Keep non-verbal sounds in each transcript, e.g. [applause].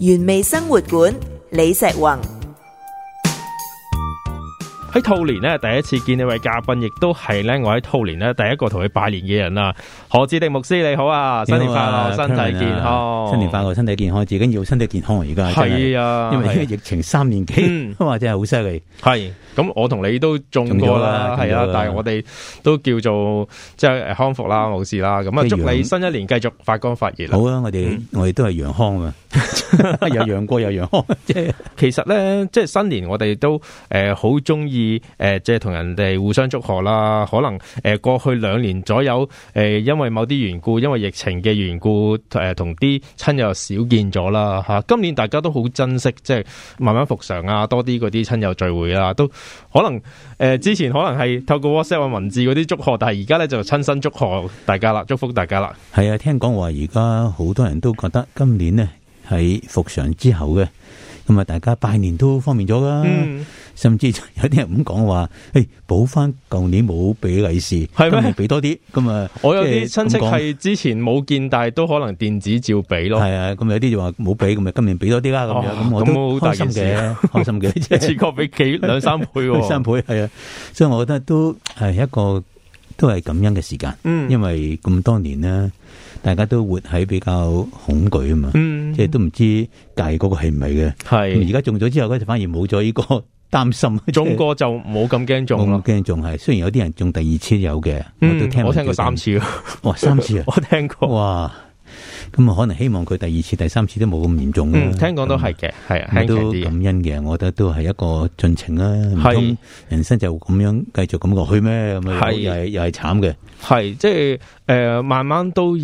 原味生活館，李石宏。喺兔年呢，第一次見你位嘉賓，亦都係咧我喺兔年呢，第一個同佢拜年嘅人啦。何志滌牧師你好啊，新年快樂，身體健康，新年快樂，身體健康，最緊要身體健康而家係啊，啊因為疫情三年幾，咁啊、嗯、真係好犀利。係咁，我同你都中過啦，係啊，但係我哋都叫做即係康復啦，冇事啦。咁啊祝你新一年繼續發光發熱好啊，我哋、嗯、我哋都係陽康啊， [laughs] 有陽過有陽康。即係 [laughs] 其實咧，即係新年我哋都誒好中意。呃誒，即係同人哋互相祝賀啦。可能誒，過去兩年左右，誒，因為某啲緣故，因為疫情嘅緣故，誒，同啲親友少見咗啦。吓，今年大家都好珍惜，即係慢慢復常啊，多啲嗰啲親友聚會啦。都可能誒，之前可能係透過 WhatsApp 文字嗰啲祝賀，但係而家咧就親身祝賀大家啦，祝福大家啦。係啊，聽講話而家好多人都覺得今年呢，喺復常之後嘅。咁啊，大家拜年都方便咗㗎，嗯、甚至有啲人咁講話，誒、哎，補翻舊年冇俾利是，係咪俾多啲？咁啊，我有啲親戚係之前冇見，但係都可能電子照俾咯。係啊，咁有啲就話冇俾，咁咪今年俾多啲啦。咁、哦、樣，咁我都開心嘅，開心嘅，即係只不過俾幾兩三倍、啊、三倍，兩三倍係啊，所以我覺得都係一個都係感恩嘅時間。嗯、因為咁多年啦。大家都活喺比較恐懼啊嘛，嗯、即係都唔知計嗰個係唔係嘅。係而家中咗之後，嗰陣反而冇咗呢個擔心。中過就冇咁驚中，冇咁驚中係，雖然有啲人中第二次有嘅，嗯、我都聽我聽過三次咯。哇、哦，三次啊！ [laughs] 我聽過。哇！咁啊，可能希望佢第二次、第三次都冇咁嚴重。嗯，聽講都係嘅，係啊那，都感恩嘅。的我覺得都係一個進程啦。唔通的人生就咁樣繼續咁過去咩？係的又係又係慘嘅。係即係誒、呃，慢慢都要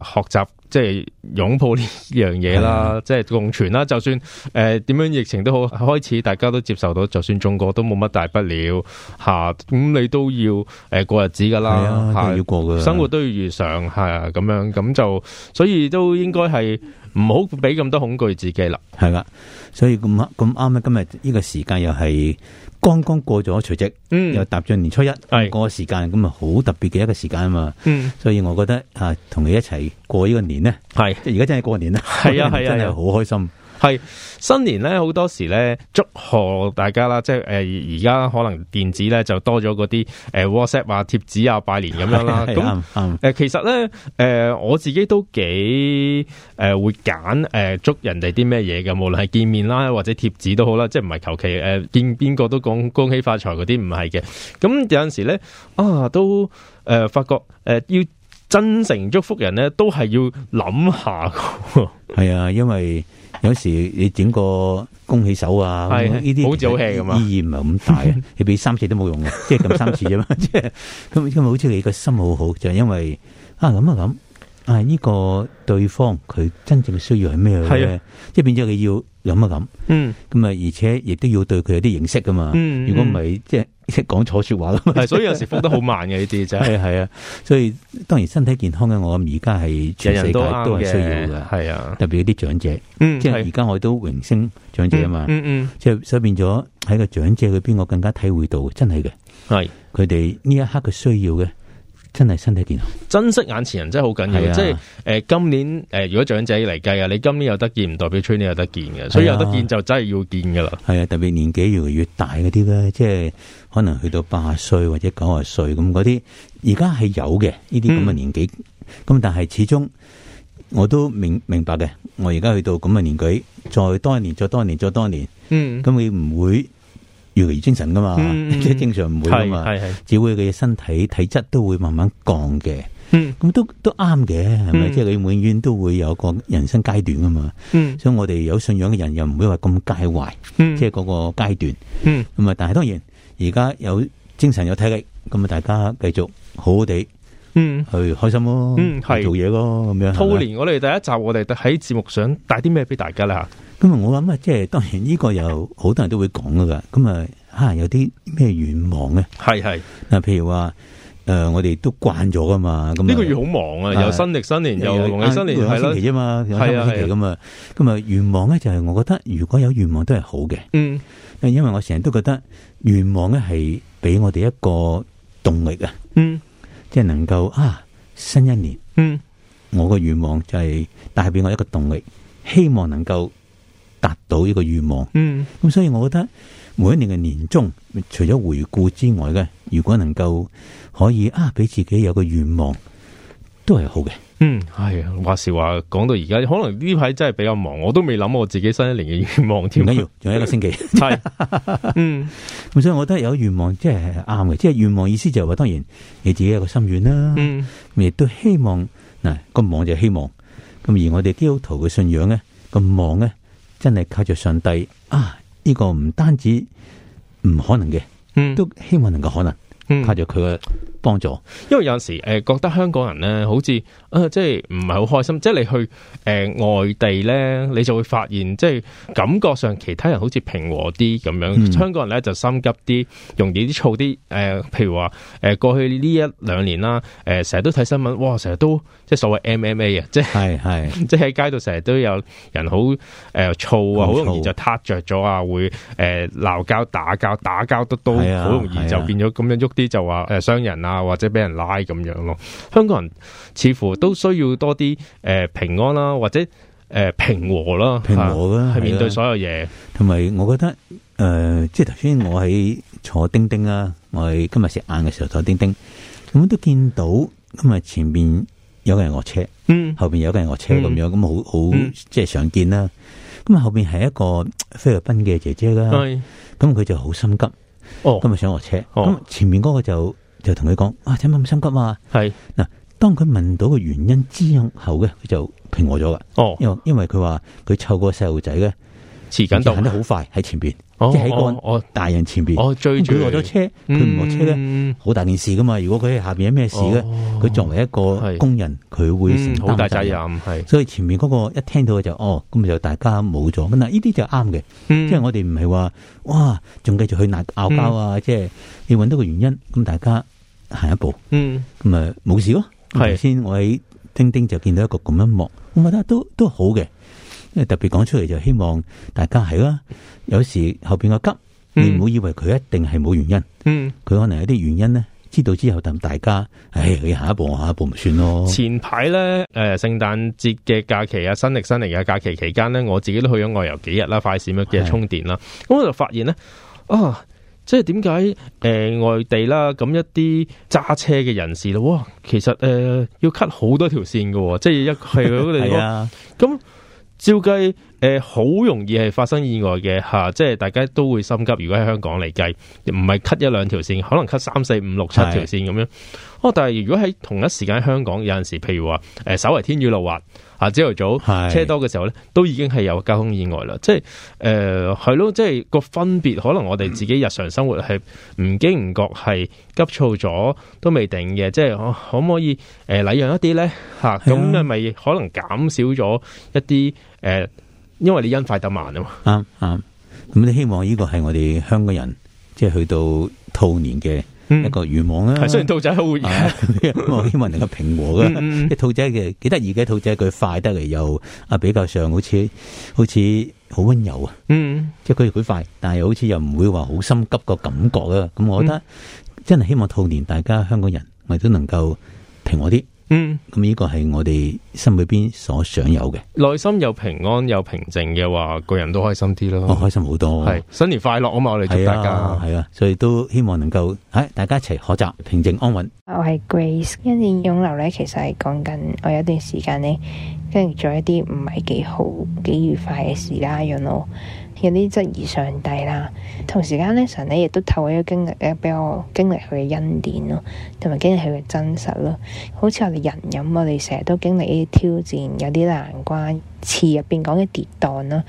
學習。即係擁抱呢樣嘢啦，即係共存啦。就算誒點樣疫情都好，開始大家都接受到，就算中過都冇乜大不了吓。咁你都要誒過日子噶啦，係啊，要過㗎，生活都要如常係咁樣，咁就所以都應該係。唔好俾咁多恐懼自己啦，係啦，所以咁咁啱咧，今日呢個時間又係剛剛過咗除夕，嗯，又踏進年初一，係個是時間，咁啊好特別嘅一個時間啊嘛，嗯，所以我覺得啊，同你一齊過呢個年咧，係即而家真係過年啦，係啊係啊，真係好開心。係新年咧，好多時咧，祝賀大家啦，即係誒，而、呃、家可能電子咧就多咗嗰啲誒 WhatsApp 啊貼紙啊拜年咁樣啦。咁誒，其實咧誒、呃，我自己都幾誒、呃、會揀誒、呃、祝人哋啲咩嘢嘅，無論係見面啦或者貼紙都好啦，即係唔係求其誒見邊個都講恭喜發財嗰啲唔係嘅。咁有陣時咧啊，都誒、呃、發覺誒、呃、要真誠祝福人咧，都係要諗下。係啊，因為。有時你整個恭喜手啊，呢啲好笑好 hea 意義唔係咁大。好好你俾三, [laughs] 三次都冇用嘅， [laughs] 即係咁三次啫嘛。即係咁咁，好似你個心好好就係、是、因為啊咁啊咁啊，呢、啊呢個對方佢真正嘅需要係咩咧？是的 即係變咗佢要。咁啊咁，嗯，咁啊，而且亦都要對佢有啲認識㗎嘛，如果唔係，即係識講錯說話啦，所以有時復得好慢嘅呢啲就係係啊，所以當然身體健康嘅，我而家係全世界都係需要嘅，係啊，特別啲長者，嗯、即係而家我都榮升長者啊嘛，嗯嗯，即、嗯、係、嗯、所以變咗喺個長者裏邊，我更加體會到真係嘅，係佢哋呢一刻嘅需要嘅。真係身體健康，珍惜眼前人真係好緊要。啊、即係誒、呃，今年誒、呃，如果長者嚟計啊，你今年有得見，唔代表出年有得見嘅，所以有得見就真係要見噶啦。係啊，啊，特別年紀越嚟越大嗰啲咧，即係可能去到八啊歲或者九啊歲咁嗰啲，而家係有嘅呢啲咁嘅年紀，咁、嗯、但係始終我都明明白嘅，我而家去到咁嘅年紀，再多年、再多年、再多年，嗯，咁會唔會？越嚟越精神噶嘛，即係、嗯、正常唔會噶嘛，係係，只會佢嘅身體體質都會慢慢降嘅，咁、嗯、都都啱嘅，係咪？嗯、即係你永遠都會有個人生階段噶嘛，嗯、所以我哋有信仰嘅人又唔會話咁介懷，嗯、即係嗰個階段，咁啊、嗯！但係當然而家有精神有體力，咁啊，大家繼續好好地。嗯，去開心咯，嗯係做嘢咯，咁樣。兔年我哋第一集我哋喺節目上想帶啲咩俾大家啦吓。咁啊，我諗啊，即係當然呢個有好多人都會講噶。咁啊，可能有啲咩願望咧？係係嗱，譬如話誒，我哋都慣咗噶嘛。咁呢個月好忙啊，由新曆新年又農曆新年下星期啫嘛，係啊係啊咁啊。咁啊，願望咧就係我覺得，如果有願望都係好嘅。嗯，因為因為我成日都覺得願望咧係俾我哋一個動力啊。嗯。即係能夠啊，新一年，嗯，我個願望就係帶俾我一個動力，希望能夠達到呢個願望，嗯，咁所以我覺得每一年嘅年終，除咗回顧之外嘅，如果能夠可以啊，俾自己有個願望，都係好嘅。嗯，係、哎、話時話，講到而家，可能呢排真係比較忙，我都未諗我自己新一年嘅願望添。唔緊要。仲有一個星期，係嗯，咁所以我覺得有願望即係啱嘅，即係願望的意思就係話，當然你自己有個心願啦，亦、嗯、都希望嗱、嗰個望，就希望咁。咁而我哋基督徒嘅信仰咧，嗰個望咧真係靠着上帝啊！呢、呢個唔單止唔可能嘅，嗯，都希望能夠可能。嗯嗯，睇住佢嘅幫助，因為有陣時誒覺得香港人咧，好似啊即係唔係好開心，即係你去誒、呃、外地咧，你就會發現即係感覺上其他人好似平和啲咁樣，嗯、香港人咧就心急啲，容易啲躁啲。誒、呃，譬如話誒、呃、過去呢一兩年啦，誒成日都睇新聞，哇成日都。即係所謂 MMA 啊！即係，即係喺街度成日都有人好誒躁啊，好、呃、容易就撻着咗啊，會誒鬧交、打交、打交都都好容易就變咗咁樣喐啲，就話誒傷人啊，或者俾人拉咁樣咯。香港人似乎都需要多啲誒、呃、平安啦，或者誒平和啦，平和啦，去面對所有嘢。同埋，我覺得誒、呃，即係頭先我喺坐叮叮啊，我喺今日食晏嘅時候坐叮叮，咁都見到今日前面。有個人落車，後邊有個人落車咁、嗯、樣，咁好好即係常見啦。咁後邊係一個菲律賓嘅姐姐啦，咁佢是就好心急，咁啊、哦、想落車。咁、哦、前面嗰個就就同佢講，啊，點解咁心急嘛、啊。係嗱是，當佢問到個原因之後嘅，佢就平和咗噶。哦，因為因為佢話佢湊個細路仔咧，時間得好快喺前邊。即係喺個人大人前邊，佢落咗車，佢唔落車咧，好大件事噶嘛。如果佢下邊有咩事咧，佢、哦、作為一個工人，佢是會承擔、嗯、好大責任。所以前面嗰個一聽到就哦，咁就大家冇咗。咁嗱，呢啲就啱嘅，即係我哋唔係話哇，仲繼續去鬧拗交啊！嗯、即係要揾到個原因，咁大家行一步，咁啊冇事咯。頭先是我喺丁丁就見到一個咁一幕，我覺得都都好嘅。因為特別講出嚟就希望大家係啦、啊，有時後面個急，你唔好以為佢一定係冇原因，佢、嗯、可能有啲原因咧。知道之後，等大家，唉、哎，你下一步下一步咪算咯。前排咧，誒、呃，聖誕節嘅假期啊，新曆新嚟嘅假期期間咧，我自己都去咗外遊幾日啦，快閃咗幾日充電啦，咁是我就發現咧，啊，即係點解誒外地啦，咁一啲揸車嘅人士咧，哇，其實誒、呃、要 cut 好多條線噶，即係一係嗰地咁。 [laughs] 照計誒，好、呃、容易係發生意外嘅吓、啊，即係大家都會心急。如果喺香港嚟計，唔係 cut 一兩條線，可能 cut 三四五六七條線咁樣。哦是的、啊，但係如果喺同一時間喺香港有時，有陣時譬如話誒，稍、呃、為天雨路滑。朝頭早是車多嘅時候咧，都已經係有交通意外啦。即係誒，係、呃、咯，即係個分別，可能我哋自己日常生活係唔經唔覺係急躁咗，都未定嘅。即係、啊、可可唔可以誒禮、呃、讓一啲咧？吓、啊、咁，係咪的可能減少咗一啲誒、呃，因為你因快得慢啊嘛。啱啱，咁你希望呢個係我哋香港人，即、就、係、是、去到兔年嘅。嗯、一個願望啦、啊，雖然兔仔好會希望能夠平和嘅，啲兔仔嘅幾得意嘅，兔仔佢快得嚟，又啊比較上好似好似好溫柔啊，嗯、即係佢又快，但係好似又唔會話好心急個感覺啊，咁我覺得、嗯、真係希望兔年大家香港人咪都能夠平和啲。嗯，咁呢個係我哋心裏邊所想有嘅，內心有平安有平靜嘅話，個人都開心啲咯、哦，開心好多。係新年快樂啊嘛，我哋祝大家係啊，啊，所以都希望能夠，唉、哎，大家一齊學習平靜安穩。我係 Grace，因為永留咧，其實係講緊我有一段時間咧，跟住做一啲唔係幾好、幾愉快嘅事啦，讓我。有啲質疑上帝啦，同時間咧神咧，亦都透過一經歷咧，俾我經歷佢嘅恩典咯，同埋經歷佢嘅真實咯。好似我哋人咁，我哋成日都經歷呢啲挑戰，有啲難關，詞入邊講嘅跌宕啦。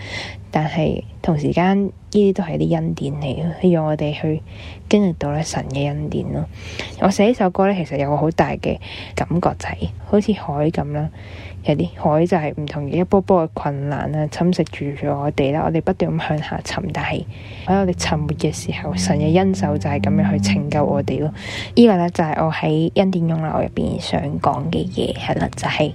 但係同時間呢啲都係啲恩典嚟，去讓我哋去經歷到咧神嘅恩典咯。我寫呢首歌咧，其實有個好大嘅感覺就係好似海咁啦。海就係唔同嘅一波波嘅困難啊，侵蝕住住我哋啦。我哋不斷咁向下沉大，但係喺我哋沉沒嘅時候，神嘅恩手就係咁樣去拯救我哋咯。呢個呢，就係我喺恩典湧流入邊想講嘅嘢係啦，就係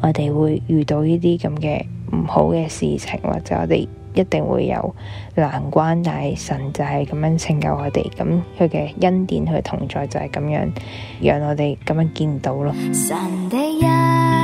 我哋會遇到呢啲咁嘅唔好嘅事情，或者我哋一定會有難關，但係神就係咁樣拯救我哋。咁佢嘅恩典佢嘅同在就係咁樣，讓我哋咁樣見到咯。神恩。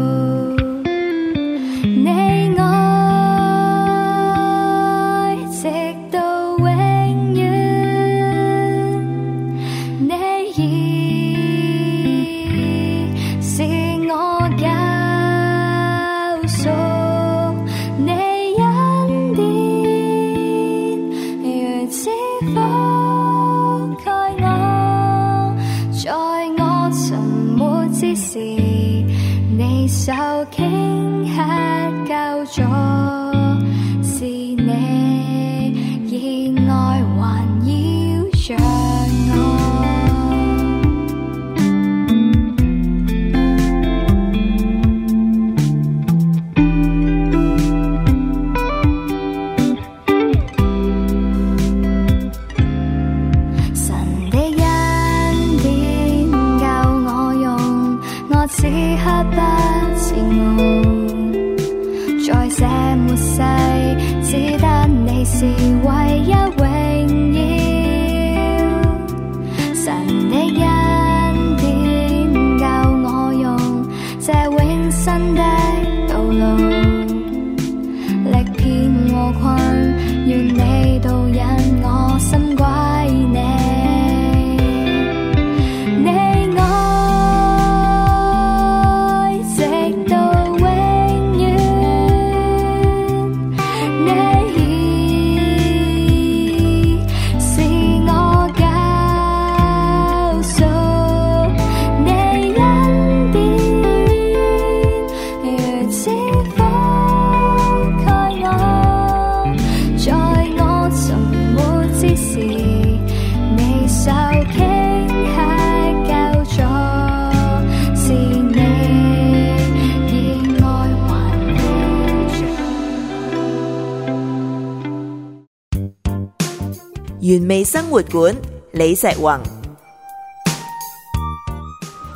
微生活館李石宏，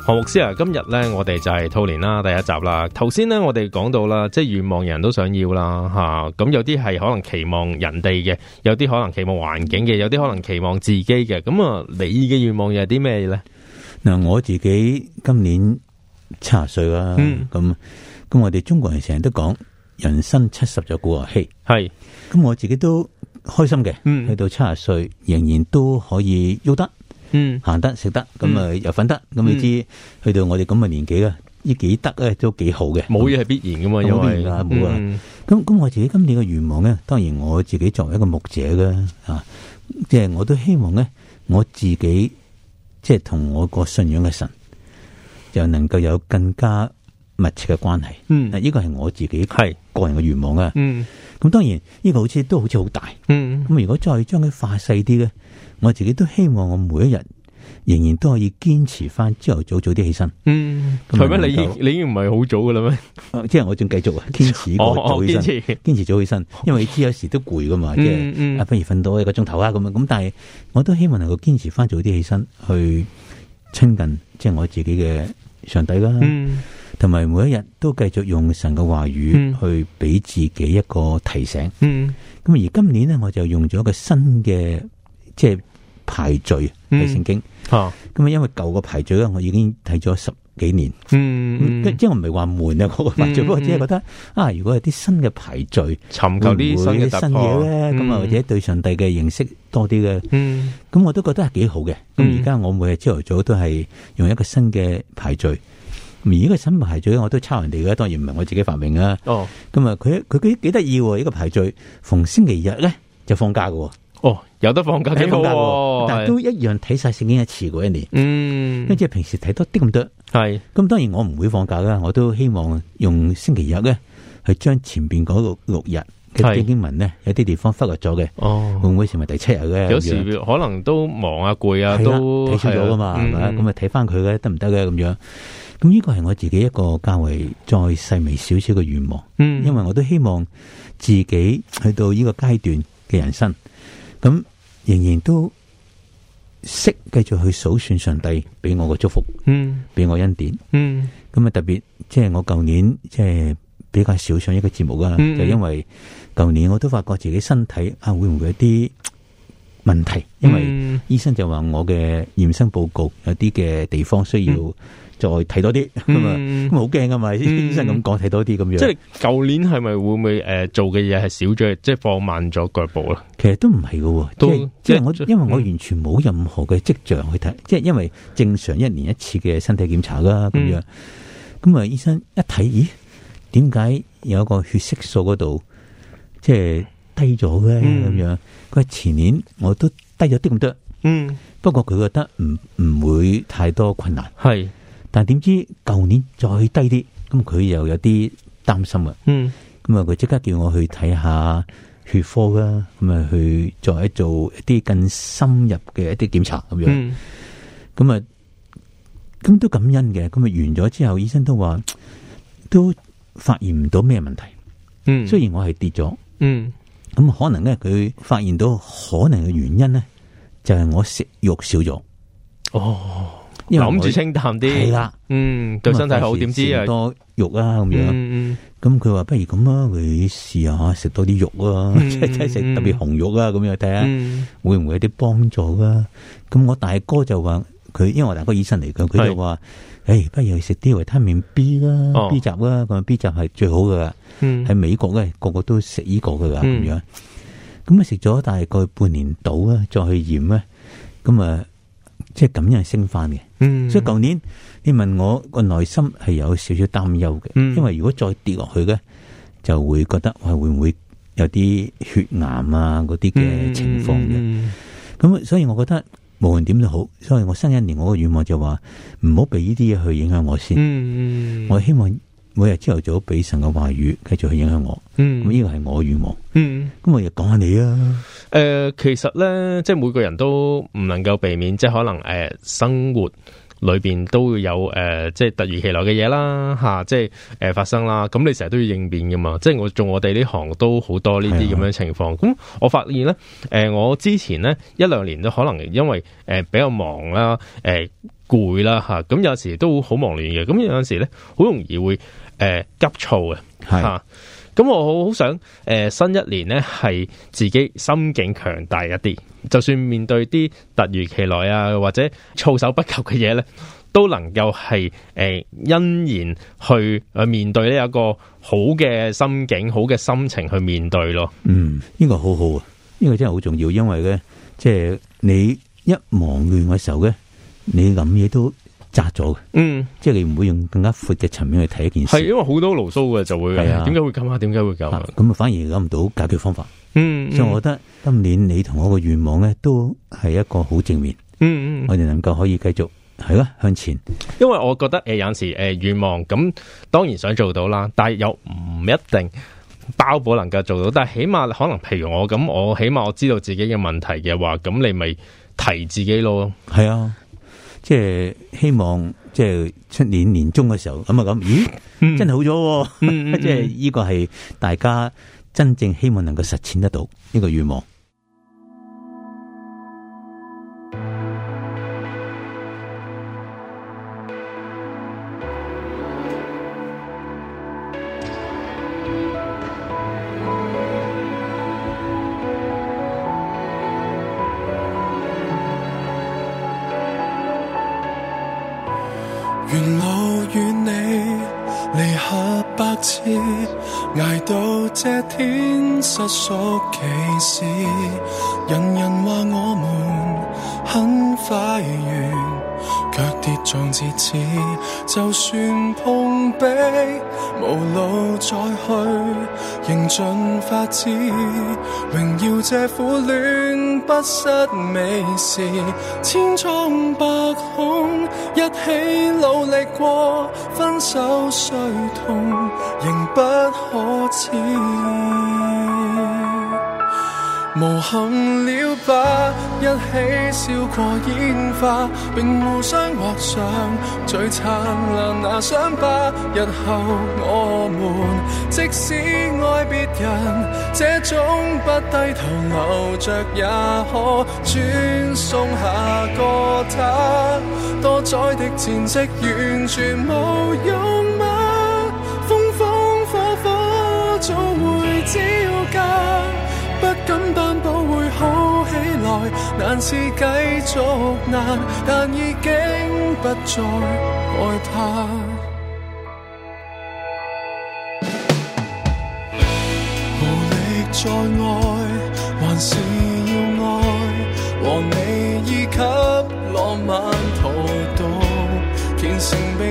何牧師啊！今日咧，我哋就係兔年啦，第一集啦。頭先咧，我哋講到啦，即係願望，人都想要啦，吓、啊、咁有啲係可能期望人哋嘅，有啲可能期望環境嘅，有啲可能期望自己嘅。咁啊，你嘅願望又係啲咩咧？嗱，我自己今年七十歲啦，嗯，咁咁我哋中國人成日都講人生七十古來稀，係是，咁我自己都。開心嘅，嗯，去到七十歲仍然都可以喐得，嗯，行得食得，咁啊又瞓得。咁你知去到我哋咁嘅年紀咧，呢幾得咧都幾好嘅，冇嘢係必然噶嘛，因為冇啊。咁咁我自己今年嘅願望咧，當然我自己作為一個牧者咧，啊，即係我都希望咧，我自己即係同我個信仰嘅神又能夠有更加密切嘅關係。嗯，啊，呢個係我自己係個人嘅願望啊。嗯。咁當然，呢、呢個好似都好似好大。咁、嗯、如果再將佢化細啲咧，我自己都希望我每一日仍然都可以堅持翻朝頭早早啲起身。嗯，嗯除非你已夠你，你已經唔係好早噶啦咩？即係我仲繼續堅持、哦、持，堅持堅持早起身。因為你知有時都攰噶嘛，即係不如瞓多一個鐘頭啊咁啊咁。但係我都希望能夠堅持翻早啲起身，去親近即係我自己嘅上帝啦。嗯同埋每一日都繼續用神嘅話語去俾自己一個提醒。咁而今年咧，我就用咗一個新嘅，即係排序係聖經。咁啊，因為舊個排序咧，我已經睇咗十幾年。嗯，即係我唔係話悶啊，我個排序，不過只係覺得啊，如果係啲新嘅排序，尋求啲新嘅新嘢咧，咁啊或者對上帝嘅認識多啲嘅。嗯，咁我都覺得係幾好嘅。咁而家我每日朝頭早都係用一個新嘅排序。而呢個新排序我都抄人哋嘅，當然唔係我自己發明啊。哦，咁啊，佢佢幾幾得意喎！呢個排序逢星期日咧就放假嘅。哦，有得放假幾好，但都一樣睇晒聖經一次嘅一年。嗯，跟住平時睇多啲咁多。係，咁當然我唔會放假啦。我都希望用星期日咧去將前邊嗰六六日嘅經文咧，有啲地方忽略咗嘅。哦，會唔會成為第七日嘅？有時可能都忙啊、攰啊，都睇出咗噶嘛，係咪？咁啊睇翻佢嘅得唔得嘅咁樣？咁呢個係我自己一個較為再細微少少嘅願望，嗯，因為我都希望自己去到呢個階段嘅人生，咁仍然都識繼續去數算上帝俾我嘅祝福，嗯，俾我恩典，嗯，咁啊特別即係我舊年即係、就是、比較少上一個節目㗎啦，嗯、就因為舊年我都發覺自己身體啊會唔會有一啲問題，嗯、因為醫生就話我嘅驗身報告有啲嘅地方需要。再睇多啲，咁啊，好驚噶嘛？醫生咁講，睇多啲咁樣。即係舊年係咪會唔會誒做嘅嘢係少咗，即係放慢咗腳步啊？其實都唔係噶，即係即係我因為我完全冇任何嘅跡象去睇，即係因為正常一年一次嘅身體檢查啦，咁樣。咁啊，醫生一睇，咦？點解有個血色素嗰度即係低咗呢？咁樣，佢話前年我都低咗啲咁多，嗯。不過佢覺得唔唔會太多困難，係。但點知舊年再低啲，咁佢又有啲擔心啊。嗯，咁啊佢即刻叫我去睇下血科啦，咁啊去再做一啲更深入嘅一啲檢查咁樣。咁啊、嗯，咁都感恩嘅。咁啊完咗之後，醫生都話都發現唔到咩問題。嗯，雖然我係跌咗。嗯，咁可能咧佢發現到可能嘅原因咧，就係、係、我食肉少咗。哦。因為諗住清淡啲，係啦了，嗯，對身體好。點知啊，食多肉啊咁樣，咁佢話不如咁啊，佢試下食多啲肉啊，即係食特別紅肉啊咁樣睇下會唔會有啲幫助啊？咁、嗯、我大哥就話佢，因為我大哥醫生嚟噶，佢就話，誒是、哎，不如去食啲維他命 B 啦、哦、B 集啦，咁 B 集係最好噶，喺、嗯、美國咧個個都食呢個噶咁、嗯、樣。咁啊食咗大概半年度啊，再去驗咧，咁啊。即係咁樣是升翻嘅，所以舊年你問我個內心係有少少擔憂嘅，因為如果再跌落去呢就會覺得係會唔會有啲血癌啊嗰啲嘅情況嘅。咁、嗯嗯、所以我覺得無論點都好，所以我新一年我嘅願望就話唔好俾呢啲嘢去影響我先。我希望。每日朝頭早俾神嘅話語，繼續去影響我。嗯，呢個係我願望。嗯，咁我亦講下你啊。誒、呃，其實咧，即係每個人都唔能夠避免，即係可能誒、呃，生活裏邊都會有誒、呃，即係突如其來嘅嘢啦，吓、啊，即係誒、呃、發生啦。咁你成日都要應變噶嘛？即係我做我哋呢行都好多呢啲咁樣情況。咁、啊、我發現咧，誒、呃，我之前咧一兩年都可能因為誒、呃、比較忙啦，誒、呃，攰啦吓，咁、啊、有陣時都好忙亂嘅。咁有陣時咧，好容易會。誒、呃，急躁嘅、啊、吓，咁是、啊、我好想誒、呃，新一年呢，係自己心境強大一啲，就算面對啲突如其來啊或者措手不及嘅嘢咧，都能夠係誒欣然去去面對呢，有一個好嘅心境、好嘅心情去面對咯、啊。嗯，呢、這個好好啊，呢、這個真係好重要，因為咧，即、就、係、是、你一忙亂嘅時候咧，你諗嘢都，窄咗嘅，紮紮嗯，即係你唔會用更加闊嘅層面去睇一件事，係因為好多牢騷嘅就會，係啊，點解會咁啊？點解會咁咁、啊啊、反而諗唔到解決方法，嗯，嗯所以我覺得今年你同我個願望咧，都係一個好正面，嗯嗯，嗯我哋能夠可以繼續係咯、啊、向前，因為我覺得誒、呃、有陣時誒願、呃、望咁當然想做到啦，但係又唔一定包保能夠做到，但係起碼可能譬如我咁，我起碼我知道自己嘅問題嘅話，咁你咪提自己咯，係啊。即係希望，即係出年年中嘅時候咁啊咁，咦，真係好咗、哦， [laughs] 即係呢個係大家真正希望能夠實踐得到呢、呢個願望。這苦戀不失美事，千瘡百孔，一起努力過，分手雖痛，仍不可恥。無憾了吧？一起燒過煙花，並互相畫上最燦爛那傷疤，日後我們即使愛別人，這種不低頭留着也可轉送下個他。多載的戰績完全無用嗎？風風火火總會招架。不敢擔保會好起來，難是繼續難，但已經不再害怕，無 [noise] 力再愛，還是。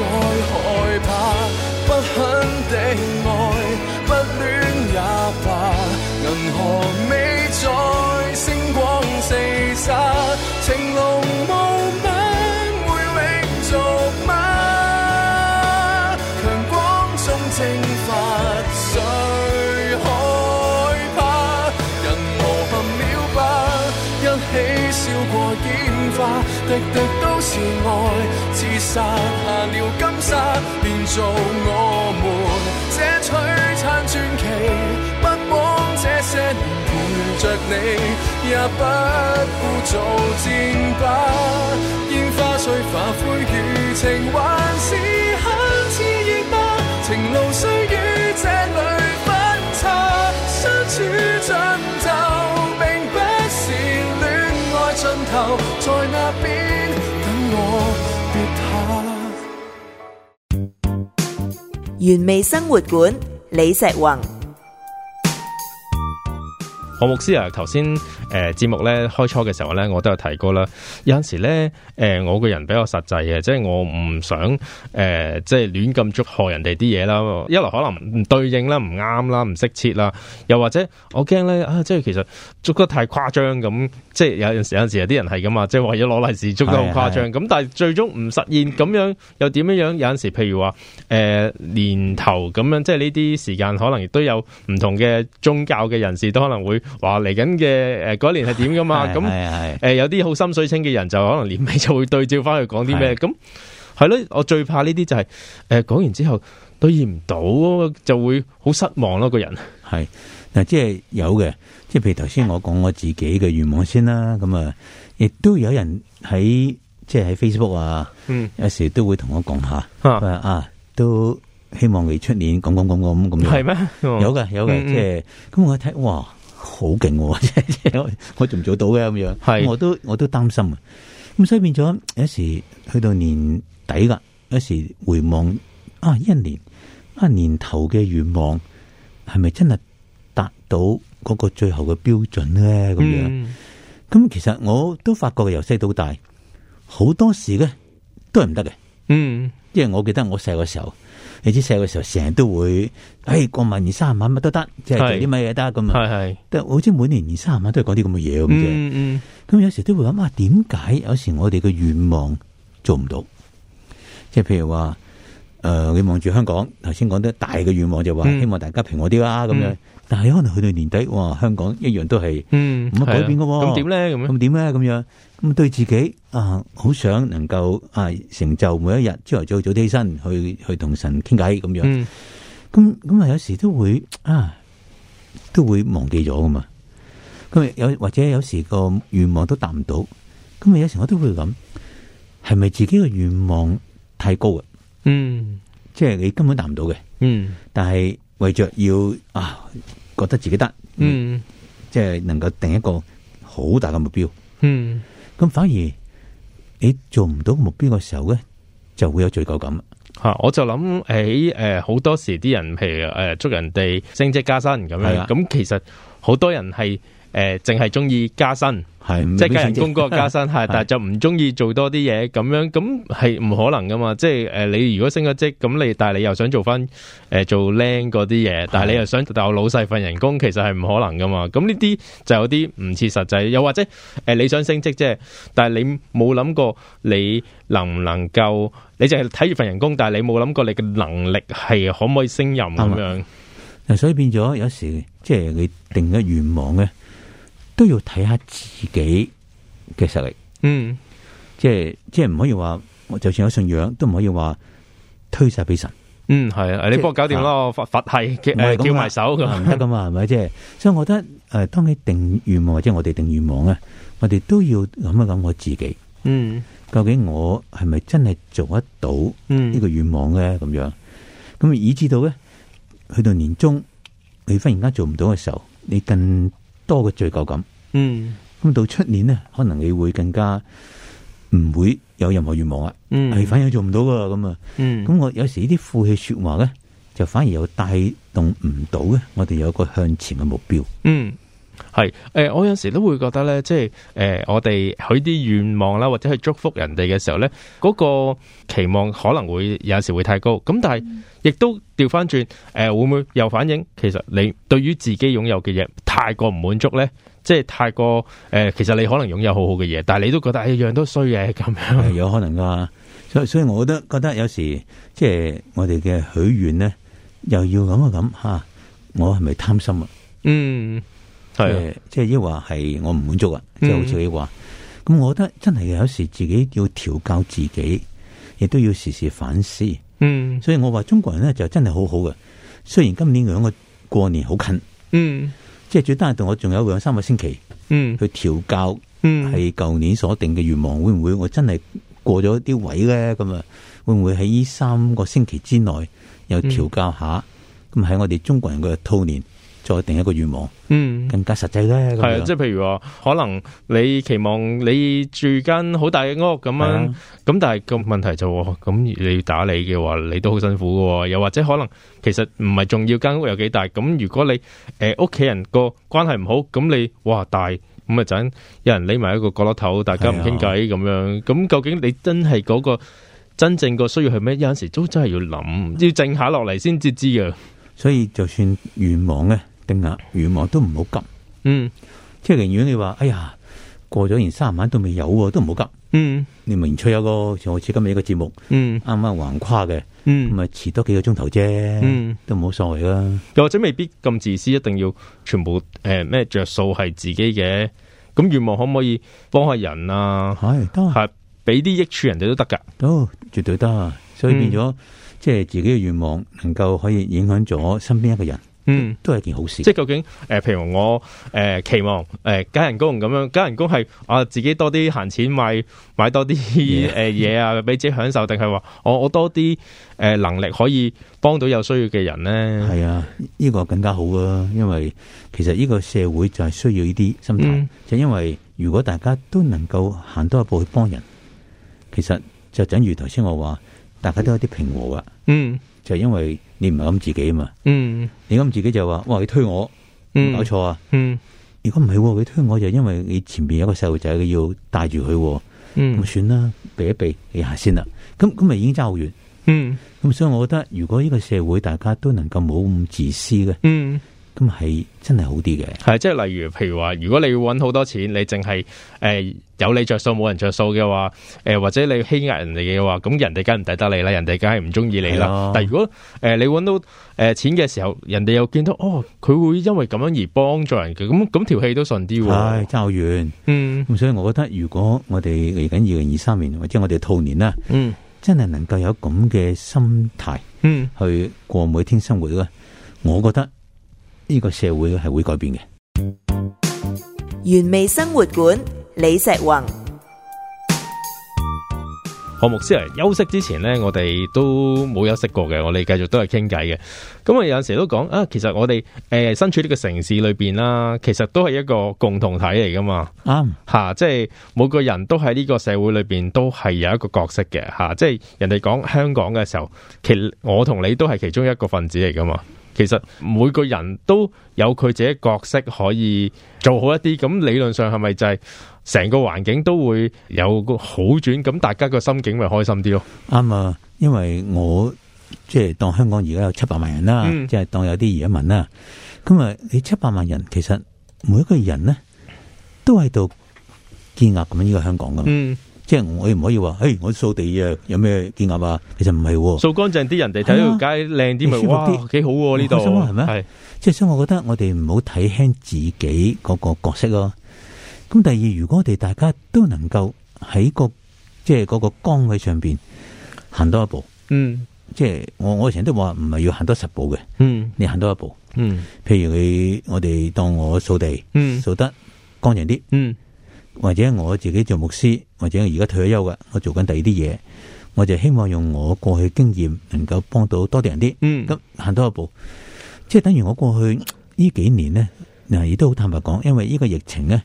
再害怕，不肯定愛，不戀也罷。銀河未在星光四散，情濃霧晚會永續嗎？強光中蒸發，誰害怕？人磨合了吧？一起笑過煙花，滴滴都是愛。散下了金沙，變做我們這璀璨傳奇。不枉這些年陪着你，也不負做戰吧。煙花碎化灰，餘情還是很熾熱嗎？情路雖與這裏分岔，相處盡就，並不是戀愛盡頭，在那邊。原味生活館，李石宏。何牧師啊，頭先誒節目咧開初嘅時候咧，我都有提過啦。有陣時咧、呃，我個人比較實際嘅，即係我唔想誒、呃，即係亂咁捉賀人哋啲嘢啦。一來可能唔對應啦，唔啱啦，唔識切啦。又或者我驚咧啊，即係其實捉得太誇張咁，即係有陣時有陣時有啲人係咁啊，即係為咗攞利是捉得好誇張。咁是是 但係最終唔實現，咁樣又點樣？有陣時譬如話誒、呃、年頭咁樣，即係呢啲時間可能亦都有唔同嘅宗教嘅人士都可能會。話嚟緊嘅誒，嗰年，係點噶嘛？咁誒那、呃，有啲好心水清嘅人就可能年尾就會對照返去講啲咩？咁係咯，我最怕呢啲就係誒講完之後兌現唔到，啊，就會好失望咯，啊。個人係嗱，即係有嘅，即係譬如頭先我講我自己嘅願望先啦。咁啊，亦都有人喺即係喺 Facebook 啊，嗯、有時都會同我講下啊，說啊，都希望你出年講講講講咁樣。係咩？有嘅有嘅，即係咁我一睇哇。好勁，我仲做到嘅咁樣，係我都我都擔心啊。咁所以變咗，有時去到年底啦，有時回望啊，一年啊年頭嘅願望係咪真係達到嗰個最後嘅標準咧？咁樣咁、嗯、其實我都發覺由細到大好多時咧都係唔得嘅，嗯，即係我記得我細個時候。你知細個時候成日都會，誒、哎、過萬二三十萬乜都得，即、就、係、是、做啲乜嘢得咁啊？係係，都好似每年二三十萬都係講啲咁嘅嘢咁啫。咁、嗯嗯、有時都會諗下，點、啊、解有時我哋嘅願望做唔到？即係譬如話，誒、呃，你望住香港，頭先講得大嘅願望就話，嗯、希望大家平和啲啦，咁樣。嗯但係可能去到年底，哇！香港一樣都係唔改變噶，咁點咧？咁點咧？咁樣咁對自己啊，好想能夠啊成就每一日朝頭早早起身去去同神傾偈咁樣。咁咁啊，有時都會啊，都會忘記咗噶嘛。咁有或者有時個願望都達唔到，咁有時我都會諗，係咪自己嘅願望太高啊？嗯，即係你根本達唔到嘅。嗯，但係。為着要啊，覺得自己得，嗯，嗯，即係能夠定一個好大嘅目標，嗯，咁反而你做唔到目標嘅時候咧，就會有罪疚感。吓，我就諗喺誒好多時啲人，譬如誒祝、呃、人哋升職加薪咁樣，咁的其實好多人係。誒，淨係中意加薪，係是即係加人工嗰個加薪，係，但係就唔中意做多啲嘢，咁樣，咁係唔可能噶嘛？即係誒、呃，你如果升咗職，咁你但係你又想做翻、誒、呃、做靚嗰啲嘢，的但係你又想但係我老細份人工其實係唔可能噶嘛？咁呢啲就有啲唔切實際，又或者誒、呃、你想升職，即係但係你冇諗過你能唔能夠？你淨係睇住份人工，但係你冇諗過你嘅能力係可唔可以升任咁的樣？所以變咗有時候即係你定一願望咧，都要睇下自己嘅實力，嗯，即係即係唔可以話，我就算有信仰都唔可以話推晒俾神，嗯，係即啊，你幫我搞掂咯，佛佛係、呃我啊、叫埋手咁唔得噶嘛，係咪？即係、啊，所以我覺得，誒、呃，當你定願望，或者我哋定願望咧，我哋都要諗一諗我自己，嗯，究竟我係咪真係做得到這個願呢個願望咧？咁、嗯嗯、樣，咁以至到咧，去到年終，你忽然間做唔到嘅時候，你更多嘅罪疚感，嗯，咁到出年咧，可能你會更加唔會有任何願望啊，係反而做唔到噶，咁啊，咁、嗯、我有時啲負氣說話咧，就反而又帶動唔到咧，我哋有一個向前嘅目標，嗯。係誒、呃，我有時都會覺得咧，即係誒、呃，我哋許啲願望啦，或者去祝福人哋嘅時候咧，嗰個期望可能會有時會太高。咁但係亦都調翻轉，誒、呃、會唔會又反映其實你對於自己擁有嘅嘢太過唔滿足咧？即係太過誒、呃，其實你可能擁有好好嘅嘢，但係你都覺得誒、哎、樣都衰嘅咁樣，有可能噶。所所以，我覺得我覺得有時即係我哋嘅許願咧，又要咁一咁吓，我係咪貪心啊？嗯。係、呃，即係亦話係我唔滿足啊！嗯、即係好似你話，咁我覺得真係有時自己要調教自己，亦都要時時反思。嗯，所以我話中國人咧就真係好好嘅。雖然今年兩個過年好近，嗯，即係最低限度我仲有兩三個星期，嗯，嗯，去調教，嗯，係舊年所定嘅願望會唔會我真係過咗啲位咧？咁啊，會唔會喺呢三個星期之內又調教一下？咁喺、嗯、我哋中國人嘅兔年。再定一個願望，嗯，更加實際咧。係啊，即係譬如話，可能你期望你住間好大嘅屋咁樣，咁的但係個問題就咁、是哦、你要打理嘅話，你都好辛苦嘅。又或者可能其實唔係重要間屋有幾大，咁如果你誒屋企人個關係唔好，咁你哇大咁啊，就有人匿埋一個角落頭，大家唔傾偈咁樣。咁究竟你真係嗰個真正個需要係咩？有陣時都真係要諗，要靜下落嚟先至知啊。的所以就算願望咧。啦，願望都唔好急，嗯，即係寧願你話，哎呀，過咗年卅晚都未有，都唔好急，嗯，你明吹有個我似今日呢個節目剛剛，嗯，啱啱橫跨嘅，嗯，咪遲多幾個鐘頭啫，嗯，都唔好所謂啦，又或者未必咁自私，一定要全部誒咩着數係自己嘅，咁願望可唔可以幫下人啊？係、哎，係、啊，俾啲益處人哋都得噶，都、哦、絕對得、啊，所以變咗、嗯、即係自己嘅願望，能夠可以影響咗身邊一個人，嗯，都係一件好事，嗯。即係究竟，誒、呃，譬如我誒、呃、期望誒、呃、加人工咁樣，加人工係我、啊、自己多啲閒錢買買多啲誒嘢啊，俾自己享受，定係話我我多啲誒、呃、能力可以幫到有需要嘅人咧？係啊，呢、這個更加好啊，因為其實呢個社會就係需要呢啲心態，嗯、就因為如果大家都能夠行多一步去幫人，其實就等於頭先我話，大家都有啲平和啊。嗯。就因為你唔係咁自己啊嘛，嗯，你咁自己就話，哇，你推我，有冇搞、嗯、錯啊，嗯，如果唔係、啊，佢推我就因為你前邊有個細路仔，佢要帶住佢，嗯，咁算啦，避一避，你下先啦，咁咪已經爭好遠，嗯，咁所以我覺得如果呢個社會大家都能夠冇咁自私嘅，嗯。咁係真係好啲嘅，係即係例如，譬如話，如果你要揾好多錢，你淨係誒有你着數，冇人着數嘅話，誒、呃、或者你欺壓人哋嘅話，咁人哋梗唔抵得你啦，人哋梗係唔中意你啦。的但係如果誒你揾到誒錢嘅時候，人哋又見到哦，佢會因為咁樣而幫助人嘅，咁咁條氣都順啲。係真員，嗯，咁所以我覺得如果我哋嚟緊二零二三年或者我哋兔年啦，嗯，真係能夠有咁嘅心態，嗯，去過每天生活咧，嗯、我覺得。呢個社會係會改變嘅。原味生活館李石宏，何牧師休息之前呢，我哋都冇休息過嘅。我哋繼續都係傾偈嘅。咁、嗯、啊，有陣時都講啊，其實我哋誒、呃、身處呢個城市裏邊啦，其實都係一個共同體嚟噶嘛。啱吓對、啊，即係每個人都喺呢個社會裏邊都係有一個角色嘅吓、啊。即係人哋講香港嘅時候，其我同你都係其中一個分子嚟噶嘛。其實每個人都有佢自己角色，可以做好一啲，咁理論上係咪就係成個環境都會有個好轉？咁大家個心境咪開心啲咯？啱啊，因為我即係當香港而家有七百萬人啦，嗯、即係當有啲移民啦，咁啊你七百萬人，其實每一個人咧都喺度建立咁樣呢個香港噶。嗯即係我亦唔可以話，誒，我掃地啊，有咩見解啊？其實唔係，啊，掃乾淨啲，人哋睇條街靚啲，咪哇，幾好喎，啊！呢度係咩？係，即係嗎是所以我覺得我哋唔好睇輕自己嗰個角色咯，啊。咁第二，如果我哋大家都能夠喺嗰個即係嗰個崗位上邊行多一步，嗯，即係我我成日都話唔係要行多十步嘅，嗯，你行多一步，嗯，譬如，你我哋當我掃地掃嗯，嗯，掃得乾淨啲，嗯。或者我自己做牧師，或者而家退休㗎，我做緊第二啲嘢，我就希望用我過去經驗，能夠幫到多啲人啲，咁行、嗯、多一步。即係等於我過去呢幾年咧，嗱亦都好坦白講，因為呢個疫情咧，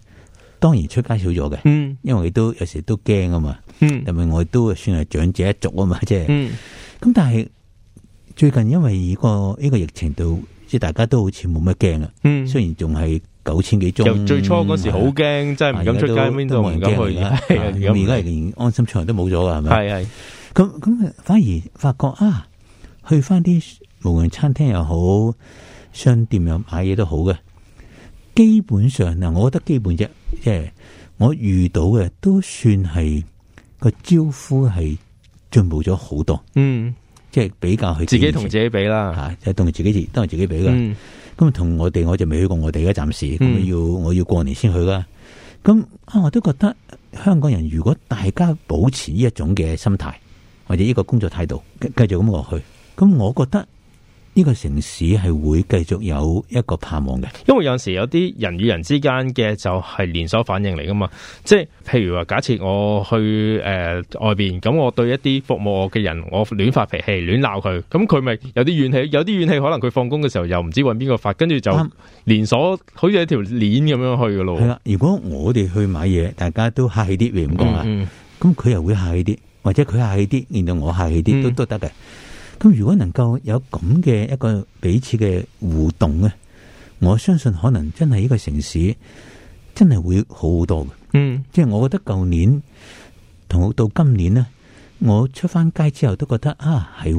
當然出街少咗嘅，因為也都有時都驚啊嘛，同埋、嗯、我都算係長者一族啊嘛，即係，咁、嗯、但係最近因為、呢個呢、呢個疫情度，即係大家都好似冇乜驚啦，雖然仲係。九千幾宗，由最初嗰時好驚，的真係唔敢出街，邊度唔敢去，而家係連安心出行都冇咗噶，係咪？係係的，咁咁反而發覺啊，去翻啲無論餐廳又好，商店又買嘢都好嘅，基本上嗱，我覺得基本啫，即係我遇到嘅都算係個招呼係進步咗好多。嗯，即係比較去自己同自己比啦，吓，啊，就同自己自都係自己比噶。嗯咁同我哋我就未去過我，我哋嘅暫時，咁要我要過年先去㗎。咁啊，我都覺得香港人如果大家保持呢一種嘅心態或者呢個工作態度，繼續咁落去，咁我覺得，呢個城市係會繼續有一個盼望嘅，因為有時有啲人與人之間嘅就係連鎖反應嚟噶嘛。即係譬如話，假設我去誒、呃、外邊，咁我對一啲服務我嘅人，我亂發脾氣、亂鬧佢，咁佢咪有啲怨氣？有啲怨氣，可能佢放工嘅時候又唔知揾邊個發，跟住就連鎖，啊、好似一條鏈咁樣去噶咯。係啦，如果我哋去買嘢，大家都客氣啲咁講啊，咁佢、嗯嗯、又會客氣啲，或者佢客氣啲，令到我客氣啲都都得嘅。咁如果能夠有咁嘅一個彼此嘅互動咧，我相信可能真係呢個城市真係會好好多嘅。嗯，即係我覺得舊年同到今年咧，我出翻街之後都覺得啊，係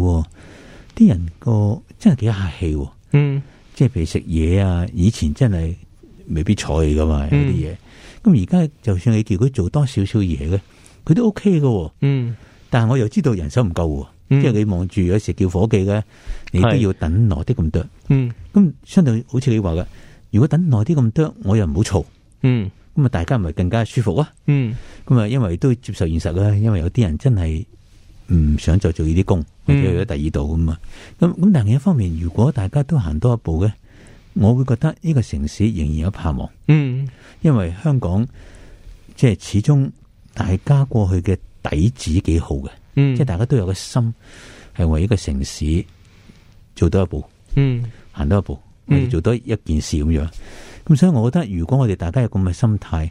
啲人個真係幾客氣。嗯，即係譬如食嘢啊，以前真係未必睬㗎嘛，呢啲嘢。咁而家就算你叫佢做多少少嘢嘅，佢都 OK 嘅、哦。嗯，但係我又知道人手唔夠、啊。嗯、即係你望住有時叫伙計嘅，你都要等耐啲咁多。嗯，咁相對好似你話嘅，如果等耐啲咁多，我又唔好嘈。嗯，咁啊，大家咪更加舒服啊。嗯，咁啊，因為都接受現實啦。因為有啲人真係唔想再做呢啲工，或者去咗第二度啊嘛。咁咁、嗯，但係另一方面，如果大家都行多一步嘅，我會覺得呢個城市仍然有盼望。嗯，因為香港即係、就是、始終大家過去嘅底子幾好嘅。即係、嗯、大家都有個心，係為一個城市做多一步，嗯，行多一步，我哋做多一件事咁、嗯、樣。咁所以我覺得，如果我哋大家有咁嘅心態，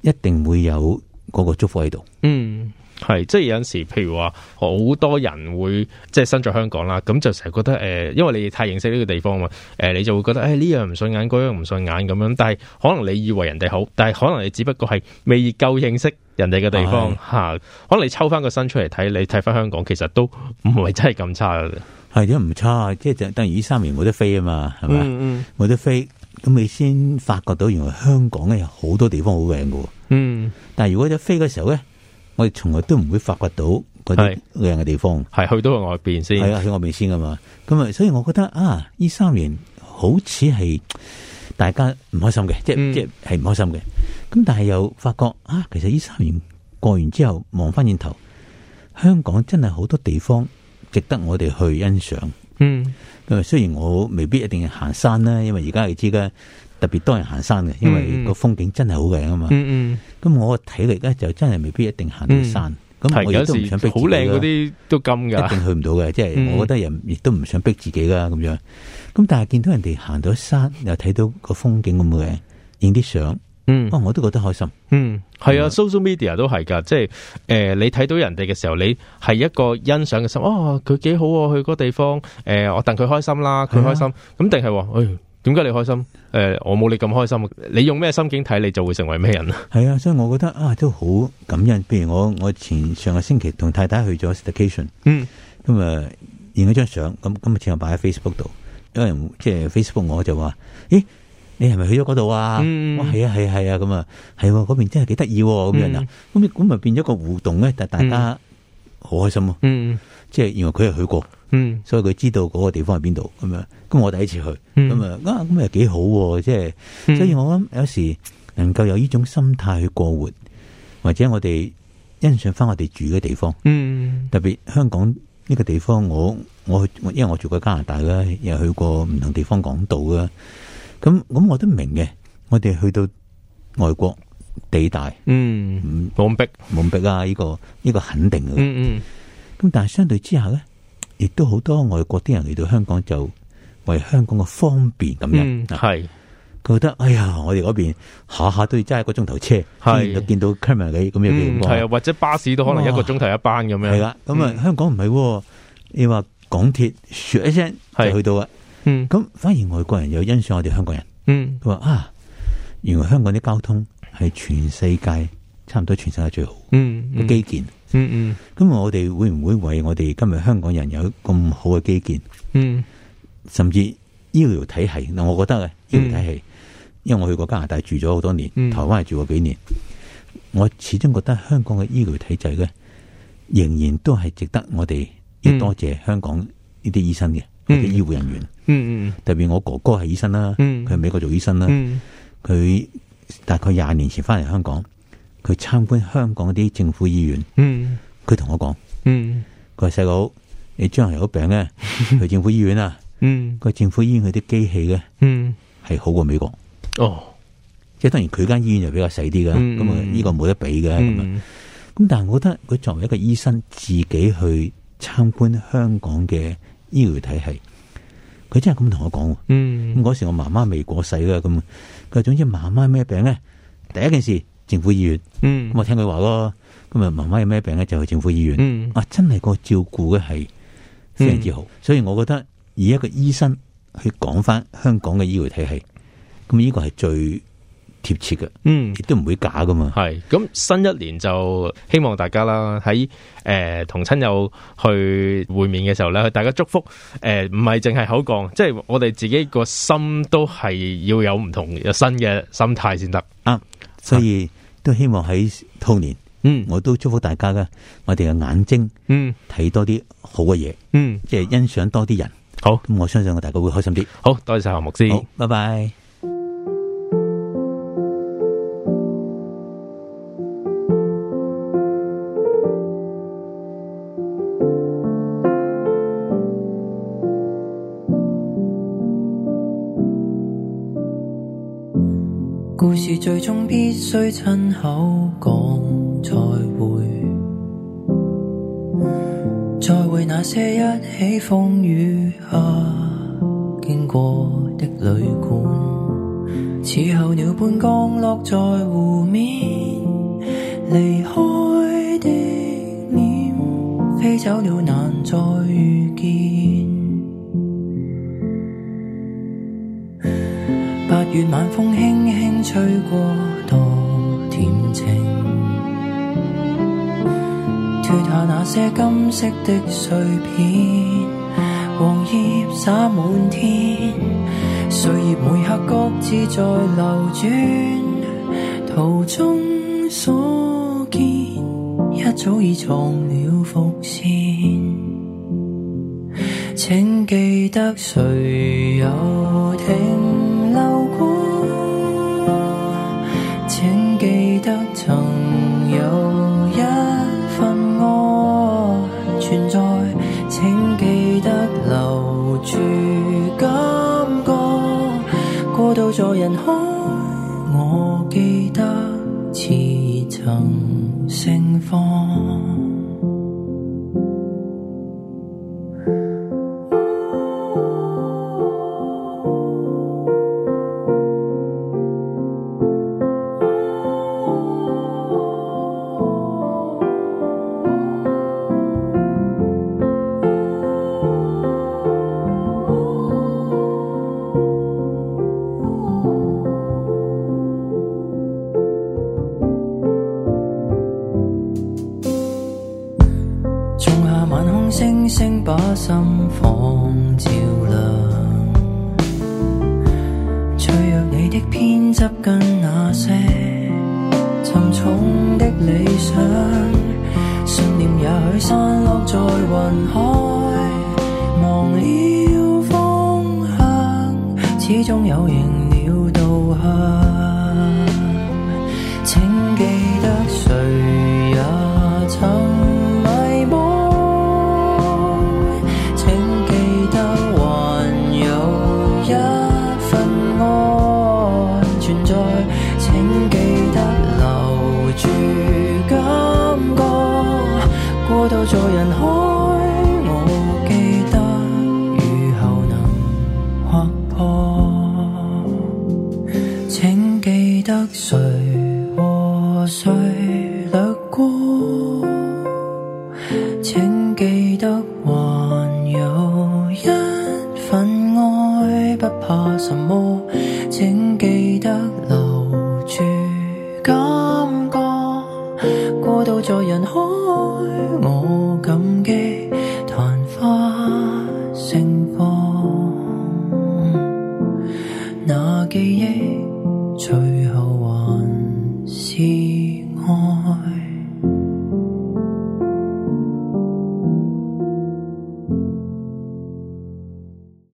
一定會有嗰個祝福喺度。嗯。係，即係有陣時，譬如話好多人會即係身在香港啦，咁就成日覺得誒、呃，因為你太認識呢個地方嘛，誒、呃，你就會覺得誒呢、哎、樣唔順眼，嗰樣唔順眼咁樣。但係可能你以為人哋好，但係可能你只不過係未夠認識人哋嘅地方吓是。可能你抽翻個身出嚟睇，你睇翻香港，其實都唔係真係咁差嘅。係都唔差，即係等於呢三年冇得飛啊嘛，係咪、嗯嗯？冇得飛，咁你先發覺到原來香港咧有好多地方好靚嘅。嗯，但係如果一飛嘅時候咧。我哋從來都唔會發掘到嗰啲靚嘅地方，係去到外邊先，係啊去外邊先噶嘛。咁啊，所以我覺得啊，呢三年好似係大家唔開心嘅、嗯，即係即係係唔開心嘅。咁但係又發覺啊，其實呢三年過完之後，望翻轉頭，香港真係好多地方值得我哋去欣賞。嗯，咁啊，雖然我未必一定要行山啦，因為而家你知噶。特別多人行山嘅，因為個風景真係好靚啊嘛。咁、嗯、我嘅體力咧就真係未必一定行到山。咁、嗯、我有時好靚嗰啲都咁嘅，嗯嗯、一定去唔到嘅。即係、嗯、我覺得人亦都唔想逼自己噶。咁樣、嗯。咁但係見到人哋行到山，又睇到個風景咁嘅，影啲相。嗯，啊，我都覺得開心。嗯，係、嗯、啊，是啊，social media 都係噶，即係誒、呃，你睇到人哋嘅時候，你係一個欣賞嘅心。哦，佢幾好、啊，去嗰個地方。誒、呃，我戥佢開心啦，佢開心。咁定係誒？點解你開心？誒、呃，我冇你咁開心。你用咩心境睇，你就會成為咩人係係啊，所以我覺得啊，都好感恩。譬如我我前上個星期同太太去咗 staycation，嗯，咁啊影咗張相，咁今日前後擺喺 Facebook 度，有人即係、就是、Facebook 我就話：咦，你係咪去咗嗰度啊？嗯、哇，係啊係係啊，咁啊，係嗰邊真係幾得意咁樣啊。咁咁咪變咗個互動咧，但大家、嗯。好開心、啊、嗯即係原來佢係去過，嗯、所以佢知道嗰個地方係邊度咁樣。咁我第一次去，咁、嗯、啊，咁又幾好，即係。所以我諗有時能夠有呢種心態去過活，或者我哋欣賞翻我哋住嘅地方。嗯、特別香港呢個地方我，我我因為我住過加拿大啦，又去過唔同地方港島啦。咁咁我都明嘅，我哋去到外國。地大，嗯，冇逼冇逼啊！呢個呢個肯定嘅。嗯，咁但係相對之下咧，亦都好多外國啲人嚟到香港就為香港嘅方便咁樣，係覺得哎呀，我哋嗰邊下下都要揸一個鐘頭車，見到見到 camera 嚟咁樣係啊，或者巴士都可能一個鐘頭一班咁樣。係啦，咁啊，香港唔係，你話港鐵咻一聲就去到啦。嗯，咁反而外國人又欣賞我哋香港人。嗯，佢話啊，原來香港啲交通。係全世界差唔多全世界最好嘅基建，嗯嗯，咁、嗯嗯、我哋會唔會為我哋今日香港人有咁好嘅基建？嗯，甚至醫療體系嗱，我覺得嘅醫療體系，嗯、因為我去過加拿大住咗好多年，台灣係住過幾年，嗯、我始終覺得香港嘅醫療體制咧，仍然都係值得我哋要多謝香港呢啲醫生嘅，啲、嗯、醫護人員，嗯嗯，嗯特別我哥哥係醫生啦，佢喺、嗯、美國做醫生啦，佢、嗯。嗯大概廿年前翻嚟香港，佢參觀香港啲政府醫院。嗯，佢同我講，嗯，佢話細佬，你將來有病咧，嗯、去政府醫院啊，嗯，佢話政府醫院佢啲機器咧，哦、嗯，係好過美國。哦，即係當然佢間醫院就比較細啲噶，咁啊，呢個冇得比嘅咁。咁但係我覺得佢作為一個醫生，自己去參觀香港嘅醫療體系，佢真係咁同我講。嗯，咁嗰時我媽媽未過世噶咁。佢總之媽媽咩病咧？第一件事政府醫院，咁、嗯、我聽佢話咯。咁啊，媽媽有咩病咧？就去政府醫院、嗯、啊，真係個照顧嘅係非常之好，嗯、所以我覺得以一個醫生去講翻香港嘅醫療體系，咁呢個係最。貼切嘅，嗯，亦都唔會假噶嘛。係咁，新一年就希望大家啦，喺，誒同親友去會面嘅時候咧，大家祝福誒，唔係淨係口講，即係我哋自己個心都係要有唔同有新嘅心態先得啊。所以、啊、都希望喺兔年，嗯，我都祝福大家嘅，我哋嘅眼睛，嗯，睇多啲好嘅嘢，嗯，即係欣賞多啲人。好，我相信我大家會開心啲。好多謝何牧師，好，拜拜。需親口講再會，再會那些一起風雨下經、啊、過的旅館，似候鳥般降落在湖面，離開的臉，飛走了難再遇見。八月晚風輕輕吹過。這金色的碎片，黃葉灑滿天，歲月每刻各自在流轉，途中所見，一早已藏了伏線，請記得誰有聽。在人海，我記得似曾盛放。人海，忘了方向，始終有影。